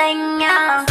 xanh ngào